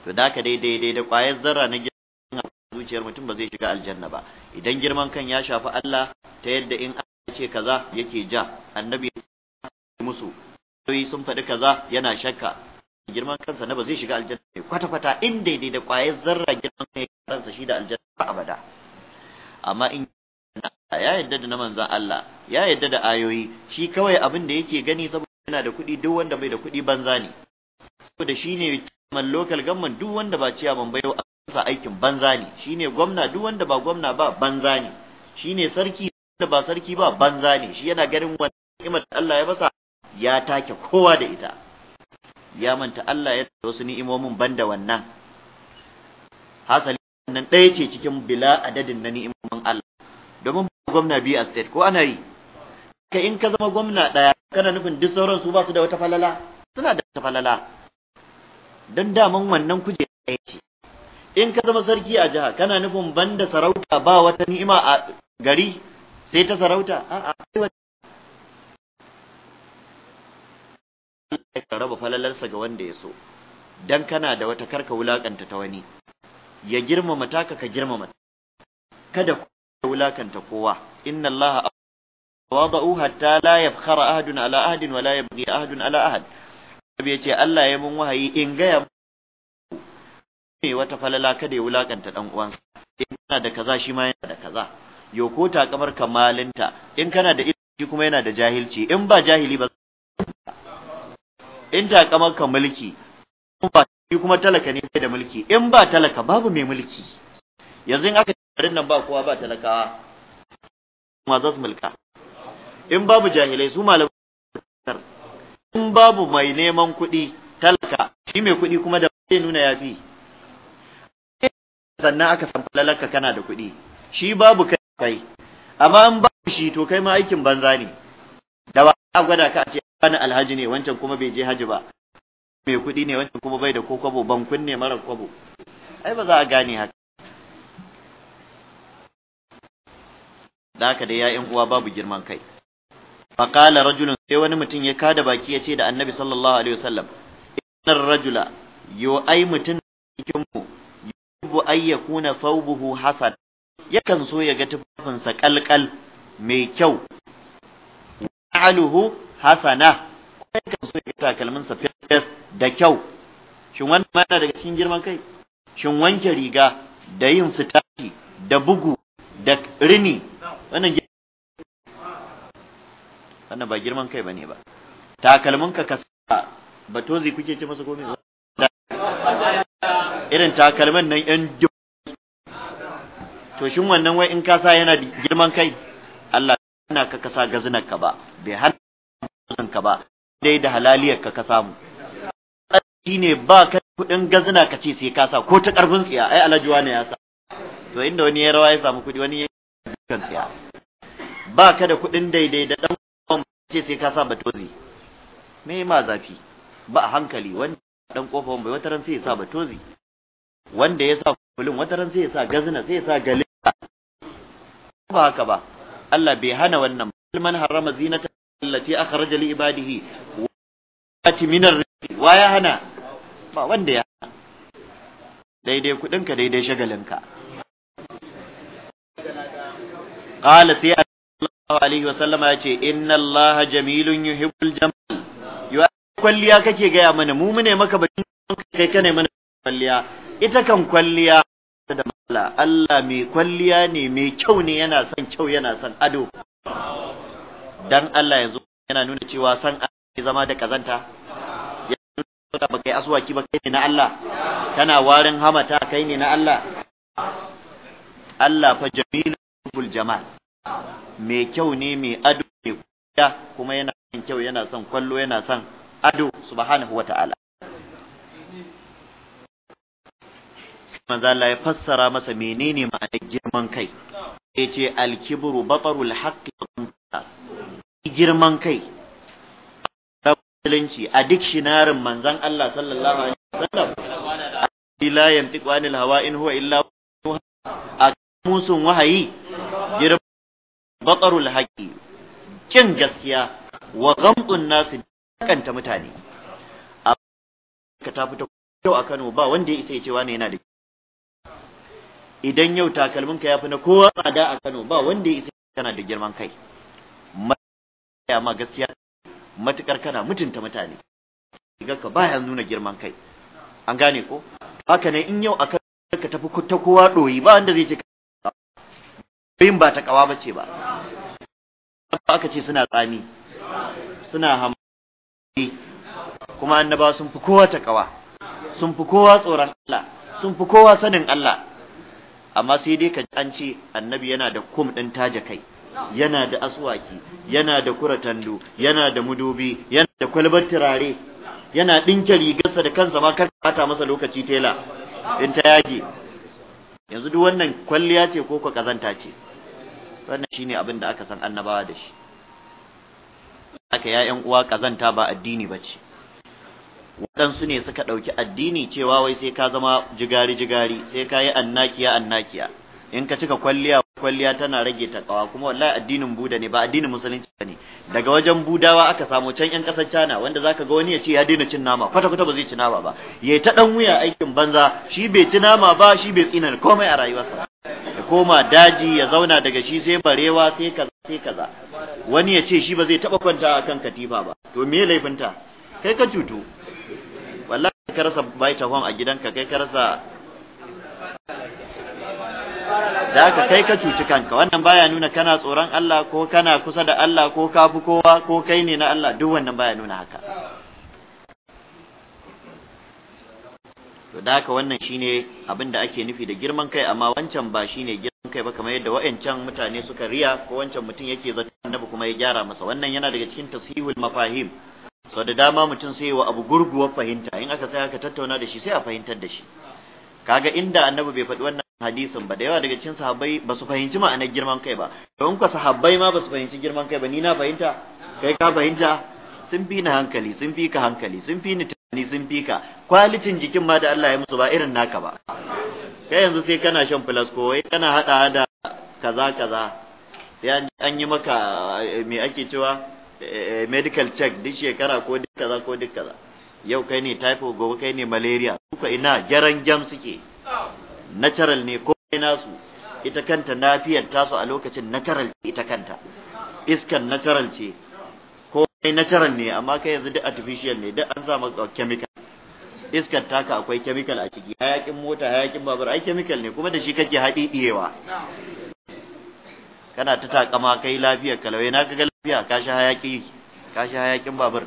to da ka daidai da kwayar zarra na girman zuciyar mutum ba zai shiga aljanna ba idan girman kan ya shafi Allah ta yadda in Allah ce kaza yake ja annabi musu sun faɗi kaza yana shakka girman kansa na ba zai shiga aljanna ba kwata kwata in daidai da kwayar zarra girman ya kansa shi da aljanna ba abada amma in ya yadda da na manzan Allah ya yadda da ayoyi shi kawai abin da yake gani saboda yana da kuɗi duk wanda bai da kuɗi banza ne saboda shi ne man local government duk wanda ba ciya ban bayo a sa aikin banza ne shine gwamna duk wanda ba gwamna ba banza ne shine sarki wanda ba sarki ba banza ne shi yana ganin wannan ni'imar Allah ya basa ya take kowa da ita ya manta Allah ya da wasu ni'imomin banda wannan hasali wannan ɗaya ce cikin bila adadin na ni'imomin Allah domin gwamna biyu a state ko ana yi ka in ka zama gwamna ɗaya kana nufin duk sauran su ba su da wata falala suna da wata falala dan daman wannan kuje ce in ka zama sarki a jiha kana nufin banda sarauta ba wata ni'ima a gari sai ta sarauta a'a Allah ya raba falalarsa ga wanda ya so dan kana da wata karka wulakanta ta wani ya girmama taka ka girmama kada ku wulakanta kowa inna allaha wada'u hatta la yabkhara ahadun ala ahadin wa la yabghi ahadun ala ahad ya ce Allah ya mun wahayi in gaya mai wata falala kada ya wulakanta dan uwansa in kana da kaza shi ma yana da kaza yo ko takamar kamalinta in kana da ilimi kuma yana da jahilci in ba jahili ba in takamar ka mulki in ba shi kuma talaka ne da mulki in ba talaka babu mai mulki yanzu in aka tarin nan ba kowa ba talakawa ma za su mulka in babu jahilai su malamai in babu mai neman kuɗi talaka shi mai kuɗi kuma da zai nuna ya fi sannan aka san falalaka kana da kuɗi shi babu kai kai amma in babu shi to kai ma aikin banza ne da ba a gwada ka a ce wani alhaji ne wancan kuma bai je haji ba mai kuɗi ne wancan kuma bai da ko kwabo ban kunne mara kwabo ai ba za a gane haka da haka dai ya'yan uwa babu girman kai faqala rajulun sai wani mutum ya kada baki ya ce da annabi sallallahu alaihi rajula yo ai mutum cikin mu yubu ay yakuna thawbuhu hasad yakan so ya ga tufafinsa kalkal mai kyau aluhu hasana kuma yakan so ya ga takalminsa fes da kyau shin wannan ma yana daga cikin girman kai shin wanke riga da yin sitaki da bugu da rini wannan ba girman kai bane ba takalmin ka kasa ba tozi kuke ce masa komai irin takalmin nan yan to shin wannan wai in kasa yana girman kai Allah yana ka kasa gazinar ka ba bai hana ka ba dai da halaliyar ka ka samu shine ba ka kudin gazina ka ce sai ka sa ko ta karfin tsiya ai alajuwa ne ya sa to inda wani ya rawa ya samu kudi wani ya kan tsiya ba ka da kudin daidai da dan ce sai ka sa batozi me ma zafi ba a hankali wanda dan kofa bai wata ran sai ya sa batozi wanda ya sa kulun wata ran sai ya sa gazna sai ya sa galiba ba haka ba Allah bai hana wannan man harrama zinata allati akhraja li ibadihi wa minar rizqi wa ya hana ba wanda ya daidai kudinka daidai shagalinka qala sai alaihi sallama ya ce inna Allah jamilun yuhibbul jamal yo kwalliya kake gaya mana mu mune maka bakin kai kane mana kwalliya ita kan kwalliya da mala Allah mai kwalliya ne mai kyau ne yana son kyau yana son ado dan Allah yanzu yana nuna cewa san Allah zama da kazanta ya nuna ba kai aswaki ba kai ne na Allah kana warin hamata kai ne na Allah Allah fa jamilul jamal mai kyau ne mai ado mai kuya kuma yana son kyau yana son kwallo yana son ado subhanahu wa ta'ala Allah ya fassara masa menene ma'anar girman kai yace al-kibru batarul haqqi girman kai musulunci a dictionarin manzon Allah sallallahu alaihi wasallam la yantiqu anil hawa in huwa illa a musun wahayi batarul haqqi kin gaskiya wa ghamdun nasu kanta mutane ka ta fita yau a Kano ba wanda ya isa ya ce wani yana da idan yau takalmin ka yafi na kowa tsada a Kano ba wanda ya isa kana da girman kai ya ma gaskiya matukar kana mutunta mutane ga ka baya nuna girman kai an gane ko haka ne in yau a Kano ka tafi ta kowa doyi ba wanda zai ce ba. ba ta kawa bace ba aka ce suna tsami suna hamari kuma annaba sun fi kowa takawa sun fi kowa tsoron Allah sun fi kowa sanin Allah amma sai dai ka an ce annabi yana da kum ɗin taje kai yana da aswaki yana da kuratando yana da mudobi yana da kwalbar turare yana ɗinke rigarsa da kansa ma kar bata masa lokaci tela in ta yage yanzu duk wannan kwalliya ce ko ko kazanta ce wannan shine abin da aka san annabawa da shi aka ya ƴan uwa kazanta ba addini bace waɗansu ne suka ɗauki addini cewa wai sai ka zama jigari jigari sai ka yi annakiya annakiya in ka cika kwalliya kwalliya tana rage takawa kuma wallahi addinin buda ne ba addinin musulunci ne daga wajen budawa aka samu can yan kasar China wanda zaka ga wani ya ce ya daina cin nama kwata kwata ba zai ci nama ba yayi ta dan wuya aikin banza shi bai ci nama ba shi bai tsina komai a rayuwarsa koma daji ya zauna daga shi sai barewa sai kaza sai kaza wani ya ce shi ba zai taba kwanta akan katifa ba to me laifinta kai ka cutu wallahi ka rasa baita hon a gidanka kai ka rasa da haka kai ka cuci kanka wannan baya nuna kana tsoron Allah ko kana kusa da Allah ko kafi kowa ko kai ne na Allah duk wannan baya nuna haka to da haka wannan shine abin da ake nufi da girman kai amma wancan ba shine girman kai ba kamar yadda wa'ancan mutane suka riya ko wancan mutum yake zato annabi kuma ya gyara masa wannan yana daga cikin tasihul mafahim sau da dama mutum sai wa abu gurguwar fahimta in aka sai aka tattauna da shi sai a fahimtar da shi kaga inda annabi bai faɗi wannan hadisin ba da yawa daga cikin sahabbai ba su fahimci ma'anar girman kai ba in ku sahabbai ma ba su fahimci girman kai ba ni na fahimta kai ka fahimta sun fi ni hankali sun fi ka hankali sun fi ni ni sun fi ka kwalitin jikin ma da Allah ya musu ba irin naka ba kai yanzu sai kana shan flasko wai kana hada da kaza kaza sai an yi maka eh, me ake cewa eh, medical check duk shekara ko duk kaza ko duk kaza yau kai ne typhoid gobe kai ne malaria kuka ina jaran jam suke natural ne ko nasu ita kanta nafiyar tasu a lokacin natural ita kanta iskan natural ce kai natural ne amma kai yanzu duk artificial ne duk an sa maka chemical iskar taka akwai chemical a ciki hayakin mota hayakin babur ai chemical ne kuma da shi kake haɗiɗiyewa kana ta takama kai lafiya kalawai eh, na kaga lafiya ka shi hayaki ka hayakin babur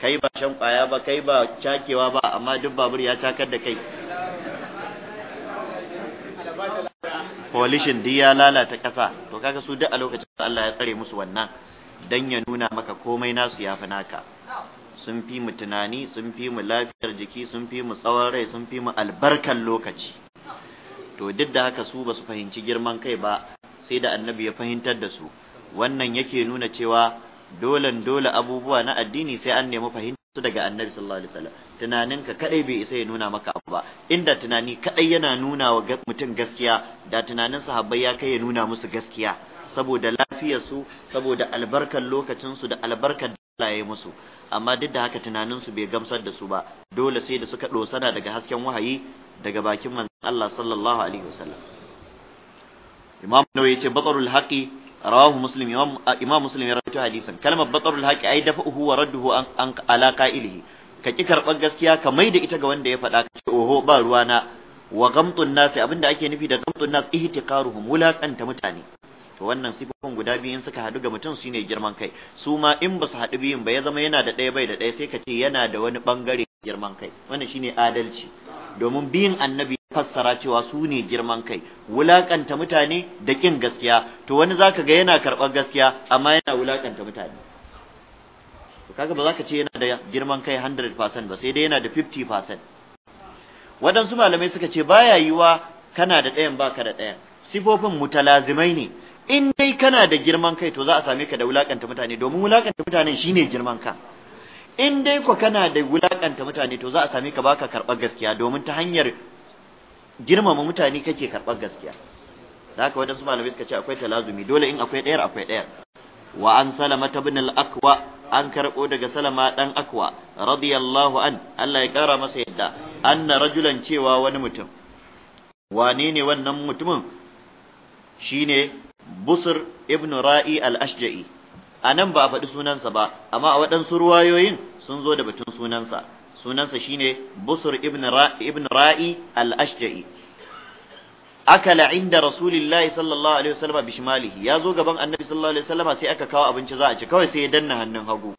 kai ba shan kwaya ba kai ba cakewa ba amma duk babur ya cakar da kai Folishin duk ya lalata kasa, to kaga su duk a lokacin Allah ya tsare musu wannan dan ya nuna maka komai nasu yafi naka sun fi mu tunani sun fi mu lafiyar jiki sun fi mu tsawon rai sun fi mu albarkan lokaci to duk da haka su basu fahimci girman kai ba sai da annabi ya fahimtar da su wannan yake nuna cewa dole dole abubuwa na addini sai an nemi fahimtar su daga annabi sallallahu alaihi wasallam tunaninka kadai bai isa ya nuna maka abu ba inda tunani kadai yana nuna wa mutum gaskiya da tunanin sahabbai ya kai ya nuna musu gaskiya saboda lafiyarsu saboda albarkar lokacinsu da albarkar Allah ya musu amma duk da haka tunaninsu bai gamsar da su ba dole sai da suka dosana daga hasken wahayi daga bakin manzon Allah sallallahu alaihi wasallam Imam Nawawi yace batarul haqi rawahu Muslim Imam Imam Muslim ya rawaito hadisan kalmar batarul haqi ai uhu wa radduhu an ala qa'ilihi ka ki karɓar gaskiya ka maida ita ga wanda ya faɗa ka ce oho ba ruwana wa gamtun nasi abinda ake nufi da gamtun nasi ihtiqaruhum wulakanta mutane to wannan sifofin guda biyu in suka haɗu ga mutum su shine girman kai su ma in ba su haɗu biyun ba ya zama yana da ɗaya bai da ɗaya sai ka ce yana da wani ɓangare girman kai wannan shine adalci domin biyin annabi ya fassara cewa su ne girman kai Wulaƙanta mutane da ƙin gaskiya to wani zaka ga yana karɓar gaskiya amma yana wulaƙanta mutane to kaga ba za ka ce yana da girman kai 100% ba sai dai yana da 50% waɗansu malamai suka ce baya yiwa kana da ɗayan baka da ɗayan sifofin mutalazimai ne in dai kana da girman kai to za a same ka da wulakanta mutane domin wulakanta mutane shine girman ka in dai ku kana da wulakanta mutane to za a same ka baka karɓar gaskiya domin ta hanyar girmama mutane kake karɓar gaskiya da haka wadansu malamai suka ce akwai talazumi dole in akwai ɗayar akwai ɗayar wa an salama ta al-akwa an karɓo daga salama ɗan akwa radiyallahu an Allah ya ƙara masa yadda anna rajulan cewa wani mutum wane ne wannan mutumin shine Busr ibn Ra'i al-Ashja'i a ba a faɗi sunansa ba amma a waɗansu ruwayoyin sun zo da batun sunansa sunansa shine Busr ibn Ra'i al-Ashja'i akala inda rasulillahi sallallahu alaihi wasallam bishmalihi ya zo gaban annabi sallallahu alaihi wasallam sai aka kawo abinci za a ci kawai sai ya danna hannun hagu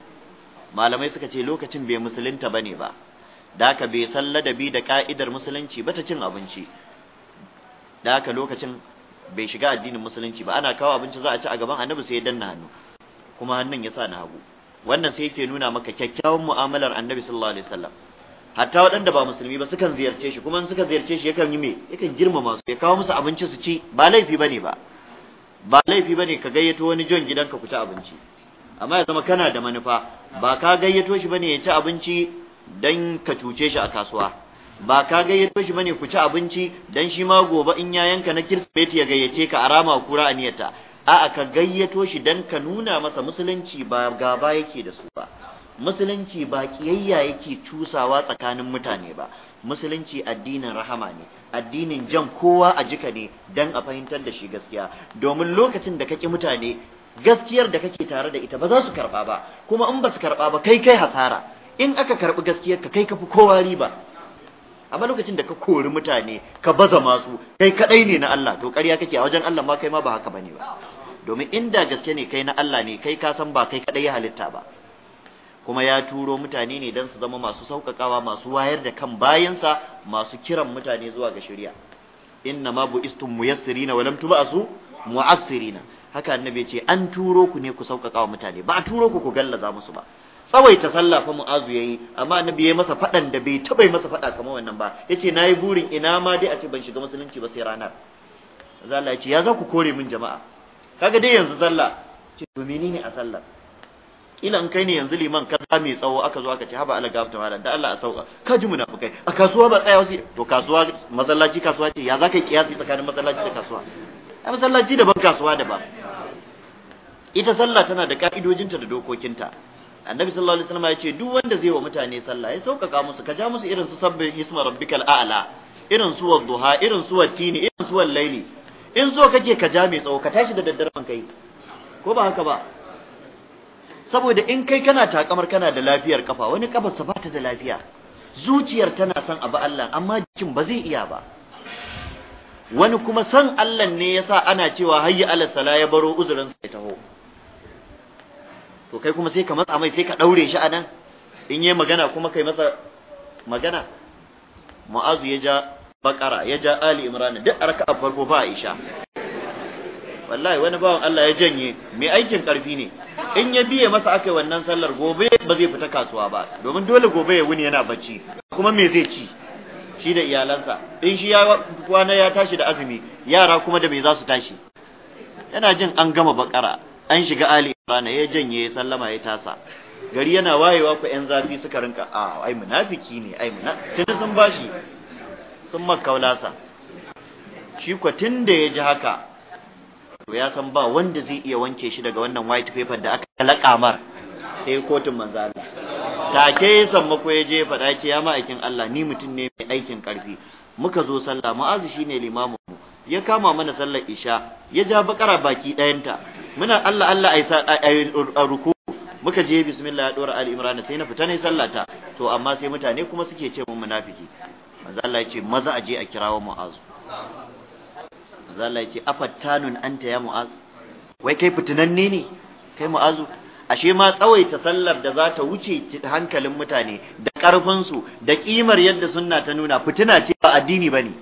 malamai suka ce lokacin bai musulunta bane ba da haka bai san ladabi da ka'idar musulunci ba ta cin abinci da haka lokacin bai shiga addinin musulunci ba ana kawo abinci za a ci a gaban annabi sai ya danna hannu kuma hannun ya sa na hagu wannan sai yake nuna maka kyakkyawan mu'amalar annabi sallallahu alaihi wasallam hatta waɗanda ba musulmi ba sukan ziyarce shi kuma in suka ziyarce shi yakan yi me yakan girmama su ya kawo musu abinci su ci ba laifi bane ba ba laifi bane ka gayyato wani jon gidanka ku ci abinci amma ya zama kana da manufa ba ka gayyato shi bane ya ci abinci dan ka cuce shi a kasuwa ba ka gayyato shi bane ku ci abinci dan shi ma gobe in ya yanka na kirsimeti ya gayyace ka arama kura aniyata a'a ka gayyato shi dan ka nuna masa musulunci ba gaba yake da su ba musulunci ba kiyayya yake cusawa tsakanin mutane ba musulunci addinin rahama ne addinin jan kowa a jika ne dan a fahimtar da shi gaskiya domin lokacin da kake mutane gaskiyar da kake tare da ita ba za su karba ba kuma in ba su karba ba kai kai hasara in aka karbi gaskiyar ka kai ka fi kowa riba amma lokacin da ka kori mutane ka baza masu kai kadai ne na Allah to ƙarya kake a wajen Allah ma kai ma ba haka bane ba domin inda gaske ne kai na Allah ne kai ka san ba kai kadai ya halitta ba kuma ya turo mutane ne dan su zama masu saukakawa masu wayar da kan bayansa masu kiran mutane zuwa ga shari'a inna ma bu'istum muyassirina wa lam tub'asu mu'assirina haka annabi ya ce an turo ku ne ku saukakawa mutane ba a turo ku ku gallaza musu ba tsawaita sallah fa mu'azu yayi amma annabi yayi masa fadan da bai taba masa fada kamar wannan ba yace nayi burin ina ma dai a ce ban shiga musulunci ba sai ranar manzo Allah yace ya za ku kore min jama'a kaga dai yanzu sallah ce to menene a sallah ila in kai ne yanzu liman kaza mai tsawo aka zo aka ce haba Allah gafta malam da Allah a sauka ka ji munafikai a kasuwa ba tsaya wasi to kasuwa masallaci kasuwa ce ya za ka kiyasi tsakanin masallaci da kasuwa a masallaci daban kasuwa daban ita sallah tana da ka'idojinta da dokokinta annabi sallallahu alaihi wasallam ya ce duk wanda zai wa mutane sallah ya sauƙaƙa musu ka ja musu irin su sabbi isma rabbikal a'la irin su wadduha irin su wattini irin su wallaili in zo kake ka ja mai tsawo ka tashi da daddaren kai ko ba haka ba saboda in kai kana takamar kana da lafiyar kafa wani kafa sa bata da lafiya zuciyar tana son abu Allah amma jikin ba zai iya ba wani kuma son Allah ne yasa ana cewa hayya ala sala ya baro uzurin sa ya taho to kai kuma sai ka matsa mai sai ka daure shi anan in yayi magana kuma kai masa magana mu'azu ya ja bakara ya ja ali imran duk a farko ba aisha wallahi wani bawan Allah ya janye mai aikin karfi ne in ya biye masa aka wannan sallar gobe ba zai fita kasuwa ba domin dole gobe ya wuni yana bacci kuma me zai ci shi da iyalansa in shi ya kwana ya tashi da azumi yara kuma da me za su tashi yana jin an gama bakara an shiga ali bana ya janye sallama ya tasa gari yana wayewa ku yan zafi suka rinka a ai munafiki ne ai muna, tun sun bashi sun makaulasa shi ko tun ya ji haka to ya san ba wanda zai iya wanke shi daga wannan white paper da aka mar sai kotun manzali ta mako ya mako ya je faɗa ce ya ma'aikin Allah ni mutum ne mai aikin ƙarfi muka zo sallah mu'azu shine limamin mu ya kama mana sallar isha ya ja bakara baki ɗayanta muna Allah Allah ai ruku muka je bismillah ya dora ali imran sai na fita ne sallata to amma sai mutane kuma suke ce mun munafiki manzo Allah yace ce maza aje a kirawo mu'az manzo Allah yace afattanun anta ya mu'az wai kai fitinanne ne kai mu'azu ashe ma tsawaita sallar da za ta wuce hankalin mutane da su da ƙimar yadda sunna ta nuna fitina ce ba addini ba ne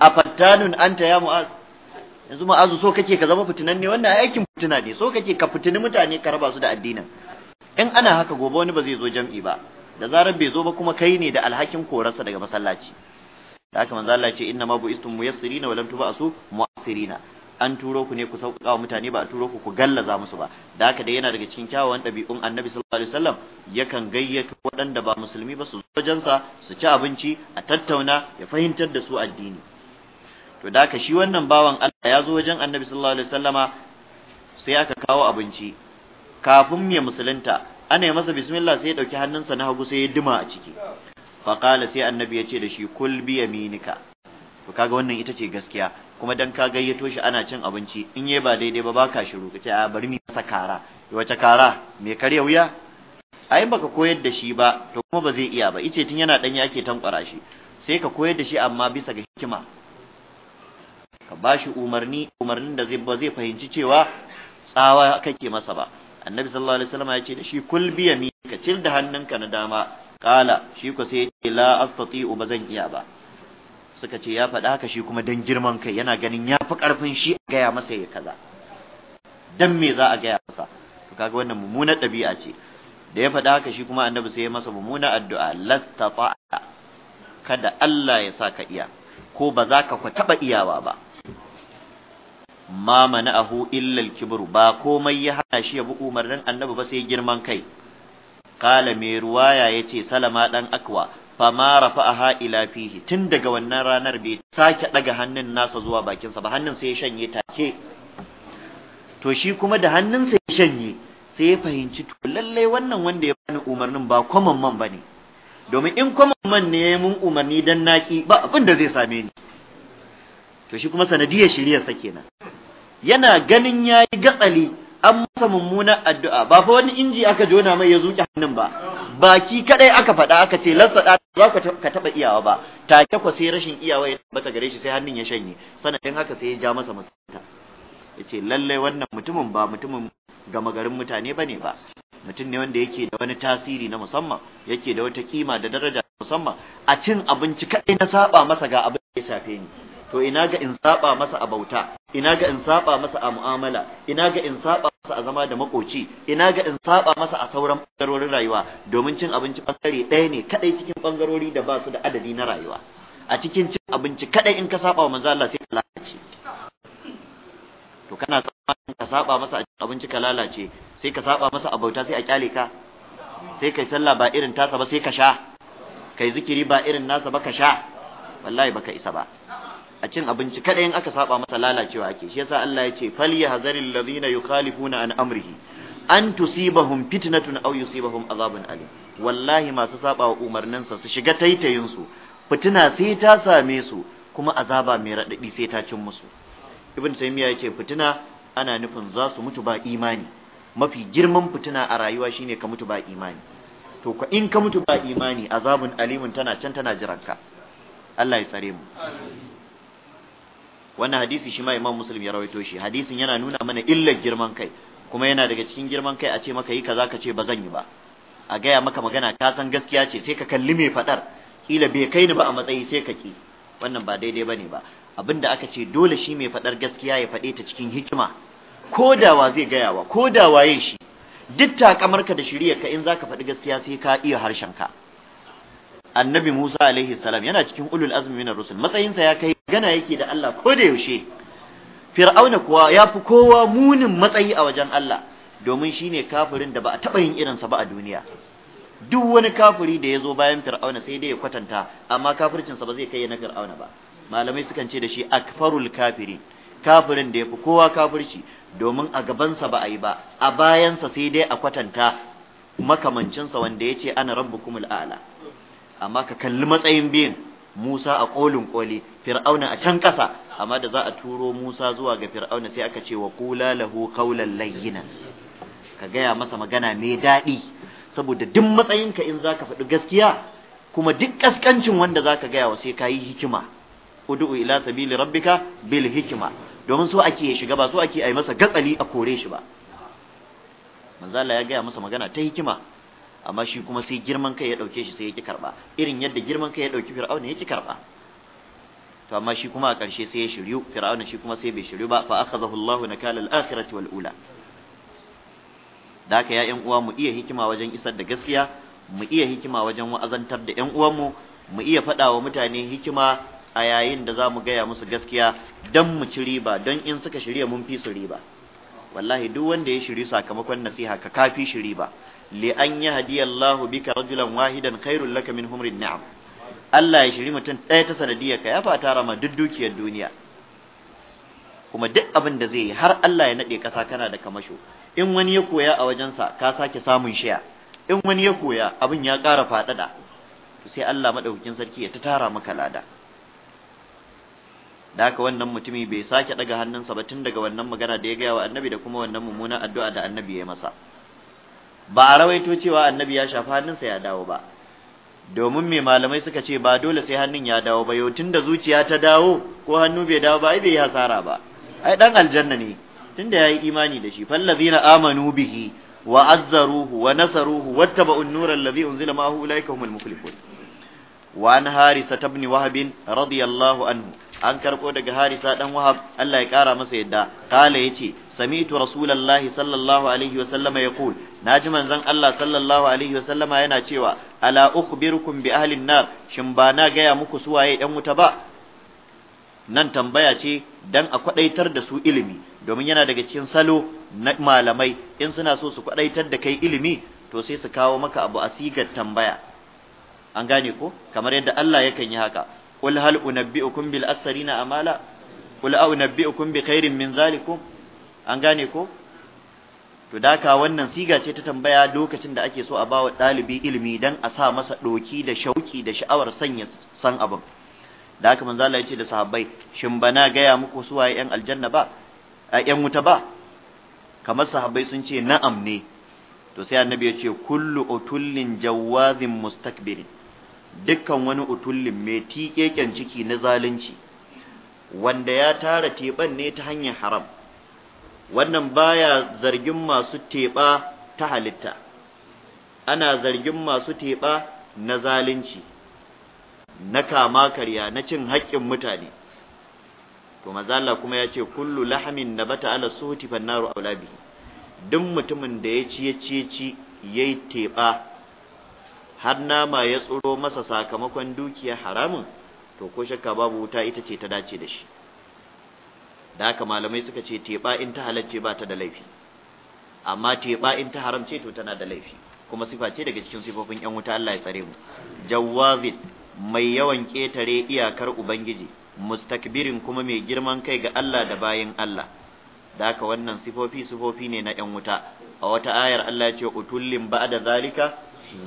a fattanun anta ya mu'az yanzu ma'azu so kake ka zama fitinan ne wannan aikin fitina ne so kake ka fitini mutane ka raba su da addinin in ana haka gobe wani ba zai zo jam'i ba da zarar bai zo ba kuma kai ne da alhakin korarsa daga masallaci da haka manzo Allah ya ce inna ma bu'istum muyassirina wa lam tub'asu mu'assirina an turo ku ne ku sauƙaƙa wa mutane ba a turo ku ku gallaza musu ba da haka dai yana daga cikin kyawawan ɗabi'un annabi sallallahu alaihi wasallam yakan gayyato waɗanda ba musulmi ba su zo wajensa su ci abinci a tattauna ya fahimtar da su addini to da ka shi wannan bawan Allah ya zo wajen annabi sallallahu alaihi wasallama sai aka kawo abinci kafin ya musulunta ana yi masa bismillah sai ya dauki hannunsa na hagu sai ya duma a ciki fa qala sai annabi ya ce da shi kul bi yaminika to kaga wannan ita ce gaskiya kuma dan ka gayyato shi ana cin abinci in yayi ba daidai ba baka shiru kace a bari mi masa kara wace kara me karya wuya ai baka koyar da shi ba to kuma ba zai iya ba ice tun yana danyi ake tankwara shi sai ka koyar da shi amma bisa ga hikima ka ba shi umarni umarnin da zai ba zai fahimci cewa tsawa kake masa ba annabi sallallahu alaihi wasallam ya ce da shi kul bi ka cil da hannunka na dama kala shi ko sai ya ce la astati'u bazan iya ba suka ce ya faɗa haka shi kuma dan girman kai yana ganin ya fi ƙarfin shi a gaya masa ya kaza dan me za a gaya masa to kaga wannan mummunar ɗabi'a ce da ya faɗa haka shi kuma annabi sai ya masa mummuna addu'a lastata kada Allah ya sa ka iya ko ba za ka taɓa iyawa ba ma mana'ahu illa al-kibr ba komai ya hana shi ya bi umarnin annabi ba sai girman kai qala mai ruwaya yace salama dan akwa fa fama rafa'aha ila fihi tun daga wannan ranar bai sake daga hannun nasa zuwa bakinsa ba hannun sai ya shanye take to shi kuma da hannun sa ya shanye sai ya fahimci to lalle wannan wanda ya bani umarnin ba kwaman man bane domin in kwaman man ne mun umarni dan naki ba abin da zai same ni to shi kuma sanadiyar shiriyar sa kenan yana ganin ya yi gatsali an masa mummunar addu'a ba fa wani inji aka jona mai ya zuƙi hannun ba baki kaɗai aka faɗa aka ce ɗa za ka taɓa iyawa ba take ko sai rashin iyawa ya tabbata gare shi sai hannun ya shanye sanadin haka sai ya ja masa musulunta ya ce lallai wannan mutumin ba mutumin gama garin mutane ba ne ba mutum ne wanda yake da wani tasiri na musamman yake da wata kima da daraja musamman a cin abinci kaɗai na saba masa ga abin da ya shafe ni to ina ga in saba masa a bauta ina ga in saba masa a mu'amala ina ga in saba masa a zama da makoci ina ga in saba masa a sauran bangarorin rayuwa domin cin abinci bangare ɗaya ne kadai cikin bangarori da ba su da adadi na rayuwa a cikin cin abinci kadai in ka saba wa manzo Allah sai ka lalace to kana ka saba masa a cikin abinci ka lalace sai ka saba masa a bauta sai a kyale ka sai kai sallah ba irin tasa ba sai ka sha kai zikiri ba irin nasa ba ka sha wallahi baka isa ba a cin abinci kada in aka saba masa lalacewa ake shi yasa Allah ya ce hazaril ladina yukhalifuna an amrihi an tusibahum fitnatun aw yusibahum azabun alim wallahi masu saba wa sa su shiga taitayin su fitina sai ta same su kuma azaba mai radadi sai ta cin musu ibn taymiya yace fitina ana nufin za su mutu ba imani mafi girman fitina a rayuwa shine ka mutu ba imani to ka in ka mutu ba imani azabun alimun tana can tana jiranka Allah ya tsare mu wannan hadisi shi ma imam muslim ya rawaito shi hadisin yana nuna mana illar girman kai kuma yana daga cikin girman kai a ce maka yi kaza ka ce ba zan yi ba a gaya maka magana ka san gaskiya ce sai ka kalli mai faɗar kila bai kai ni ba a matsayi sai ka ki wannan ba daidai ba ne ba abinda aka ce dole shi mai faɗar gaskiya ya faɗe ta cikin hikima ko wa zai gaya wa ko da waye shi duk ka da ka in zaka faɗi gaskiya sai ka iya harshen ka. annabi Musa alaihi salam yana cikin ulul azmi minar rusul matsayinsa ya kai magana yake da Allah ko da yaushe fir'auna kuwa ya fi kowa munin matsayi a wajen Allah domin shine kafirin da ba a taɓa yin irinsa ba a duniya duk wani kafiri da ya zo bayan fir'auna sai dai ya kwatanta amma kafircinsa ba zai kai na fir'auna ba malamai sukan ce da shi akfarul kafiri kafirin da ya fi kowa kafirci domin a gabansa ba a yi ba a bayansa sai dai a kwatanta makamancinsa wanda ya ce ana rabbukumul a'la amma ka kalli matsayin biyun. Musa a ƙolin ƙoli Fir'auna a can ƙasa amma da za a turo Musa zuwa ga Fir'auna sai aka ce wa kula lahu qawlan layyina ka gaya masa magana mai daɗi saboda duk matsayinka in za ka faɗi gaskiya kuma duk ƙaskancin wanda za ka gaya wa sai ka yi hikima udu’u ila sabili rabbika bil hikima domin so ake ya shiga ba so ake a yi masa gatsali a kore shi ba Manzala ya gaya masa magana ta hikima amma shi kuma sai girman kai ya dauke shi sai yake karba irin yadda girman kai ya dauki fir'auna yake karba to amma shi kuma a ƙarshe sai ya shiryu fir'auna shi kuma sai bai shiryu ba fa akhadhahu Allahu nakal al-akhirati wal ula da haka ya ƴan uwa mu iya hikima wajen isar da gaskiya mu iya hikima wajen wa'azantar da ƴan uwanmu mu iya faɗawa wa mutane hikima a yayin da za mu gaya musu gaskiya dan mu ci riba don in suka shirya mun fi su riba wallahi duk wanda ya shiri sakamakon nasiha ka kafi shi riba li an yahdiyallahu bika rajulan wahidan khairul laka min humrin ni'am Allah ya shiri mutum ɗaya ta sanadiyar ka ya fata rama duk dukiyar duniya kuma duk abin da zai yi har Allah ya naɗe ƙasa kana da kamasho in wani ya koya a wajensa ka sake samun shiya in wani ya koya abin ya ƙara faɗaɗa to sai Allah maɗaukakin sarki ya ta tara maka lada da haka wannan mutumi bai sake ɗaga hannunsa ba tun daga wannan magana da ya gaya wa annabi da kuma wannan mummunan addu'a da annabi ya masa ba a rawaito cewa annabi ya shafi hannunsa ya dawo ba domin me malamai suka ce ba dole sai hannun ya dawo ba yau tunda zuciya ta dawo ko hannu bai dawo ba ai bai yi hasara ba ai dan aljanna ne tunda yayi imani da shi fallazina amanu bihi wa azzaruhu wa nasaruhu wattaba'un nura allazi unzila ma'ahu ulaika humul muflihun wa an harisa ibn wahabin? radiyallahu anhu an karɓo daga harisa ɗan wahab Allah ya kara masa yadda kala yace samitu rasulullahi sallallahu alaihi wasallama yaqul naji manzon Allah sallallahu alaihi wasallama yana cewa ala ukhbirukum bi ahli nar shin ba na gaya muku su waye yan wuta ba nan tambaya ce dan a kwadaitar da su ilimi domin yana daga cikin salo na malamai in suna so su kwadaitar da kai ilimi to sai su kawo maka abu a sigar tambaya an gane ko kamar yadda Allah yakan yi haka qul hal unabbi'ukum bil aksarina amala qul a unabbi'ukum bi khairin min zalikum an gane ko to daka wannan siga ce ta tambaya lokacin da ake so a bawa ɗalibi ilimi dan a sa masa doki da shauki da sha'awar sanya san abin da haka manzo Allah ya ce da sahabbai shin bana gaya muku su waye yan aljanna ba a yan wuta ba kamar sahabbai sun ce na'am ne to sai annabi ya ce kullu utullin jawazin mustakbirin dukkan wani utullin mai tiƙeƙen ciki na zalunci wanda ya tara teɓan ne ta hanyar haram wannan baya zargin masu teɓa ta halitta ana zargin masu teɓa na zalunci na kama karya na cin haƙƙin mutane to mazala kuma ya ce kullu lahamin nabata ala suhuti fannaru aulabi bihi duk mutumin da ya ci ya ci ya ci yayi teɓa har nama ya tsoro masa sakamakon dukiya haramun to ko shakka babu wuta ita ce ta dace da shi da haka malamai suka ce teɓa in ta halarce ba ta da laifi amma teɓa in ta haramce to tana da laifi kuma sifa ce daga cikin sifofin yan wuta Allah ya tsare mu jawazin mai yawan ketare iyakar ubangiji mustakbirin kuma mai girman kai ga Allah da bayin Allah da haka wannan sifofi sifofi ne na yan wuta a wata ayar Allah ya ce utullin ba'da zalika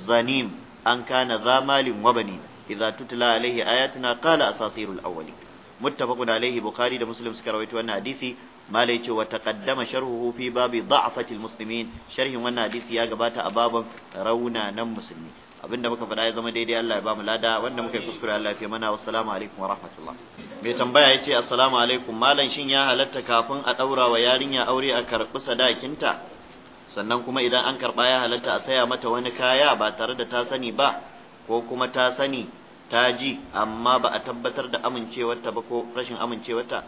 zanim an kana za malin wa bani idza tutla alaihi ayatuna qala asatirul awwalin muttafaqun alaihi bukhari da muslim suka rawaito wannan hadisi malai ce wa taqaddama sharhuhu fi babi dha'fati almuslimin sharhin wannan hadisi ya gabata a baban rauna nan musulmi abinda muka faɗa ya zama daidai Allah ya ba mu lada wanda muka yi kuskure Allah ya fi mana wassalamu alaikum wa rahmatullah mai tambaya yace assalamu alaikum malam shin ya halatta kafin a daura wa yarinya aure a karɓi sadakinta sannan kuma idan an karɓa ya halatta a saya mata wani kaya ba tare da ta sani ba ko kuma ta sani ta ji amma ba a tabbatar da amincewarta ba ko rashin amincewarta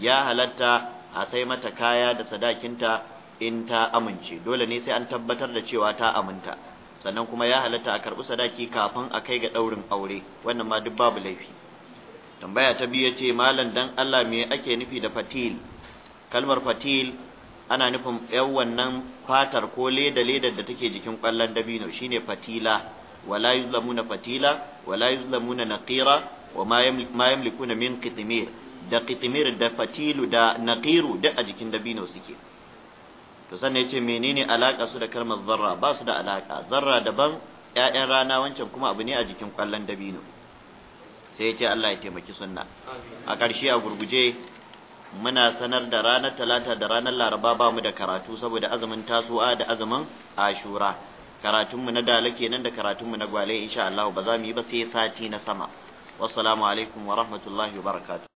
ya halatta a sai mata kaya da sadakinta in ta amince dole ne sai an tabbatar da cewa ta aminta sannan kuma ya halatta a karɓi sadaki kafin a kai ga ɗaurin aure wannan ma duk babu laifi tambaya ta biyu ce malam dan Allah me ake nufi da fatil kalmar fatil ana nufin yan wannan fatar ko leda leda da take jikin kwallon dabino shine fatila wala yuzlamuna fatila wala yuzlamuna naqira wa ma yamlikuna min qitmir da qitmir da fatilu da naqiru duk a jikin dabino suke to sannan yace menene alaka su da kalmar zarra ba su da alaka zarra daban ƴaƴan rana wancan kuma abu ne a jikin kwallon dabino sai yace Allah ya taimaki sunna a ƙarshe a gurguje muna sanar da ranar talata da ranar laraba ba mu da karatu saboda azumin tasowa da azumin ashura karatunmu na dala kenan da karatunmu na gwale insha Allah ba za mu yi ba sai sati na sama wassalamu alaikum wa rahmatullahi wa barakatuh